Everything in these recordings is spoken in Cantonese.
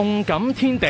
動感天地，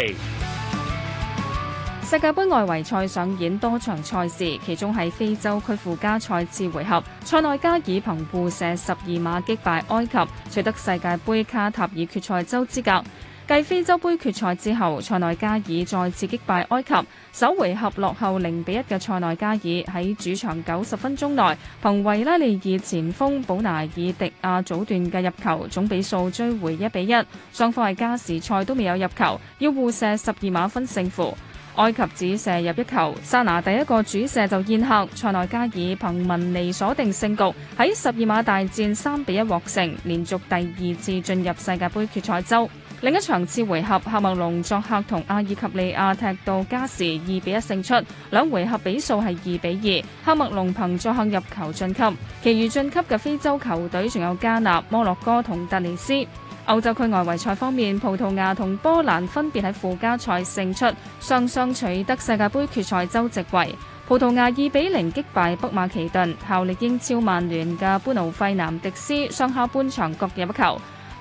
世界杯外圍賽上演多場賽事，其中喺非洲區附加賽次回合，塞內加爾憑互射十二碼擊敗埃及，取得世界杯卡塔爾決賽周資格。繼非洲盃決賽之後，塞內加爾再次擊敗埃及。首回合落後零比一嘅塞內加爾喺主場九十分鐘內，憑維拉利爾前鋒保拿爾迪亞早段嘅入球，總比數追回一比一。雙方喺加時賽都未有入球，要互射十二碼分勝負。埃及只射入一球，沙拿第一個主射就宴客，塞內加爾憑文尼鎖定勝局，喺十二碼大戰三比一獲勝，連續第二次進入世界盃決賽周。另一場次回合，喀麥隆作客同阿爾及利亞踢到加時，二比一勝出，兩回合比數係二比二，喀麥隆憑作客入球晉級。其餘晉級嘅非洲球隊仲有加納、摩洛哥同突尼斯。歐洲區外圍賽方面，葡萄牙同波蘭分別喺附加賽勝出，雙雙取得世界盃決賽周席位。葡萄牙二比零擊敗北馬其頓，效力英超曼聯嘅般奴費南迪斯上下半場各入一球。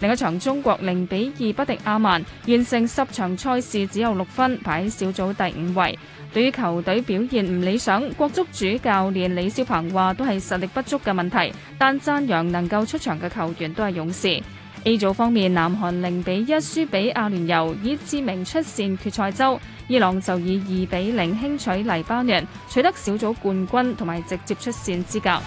另一場中國零比二不敵阿曼，完成十場賽事只有六分，排喺小組第五位。對於球隊表現唔理想，國足主教練李霄鵬話都係實力不足嘅問題，但讚揚能夠出場嘅球員都係勇士。A 組方面，南韓零比一輸俾阿聯酋，以次名出線決賽周。伊朗就以二比零輕取黎巴嫩，取得小組冠軍同埋直接出線資格。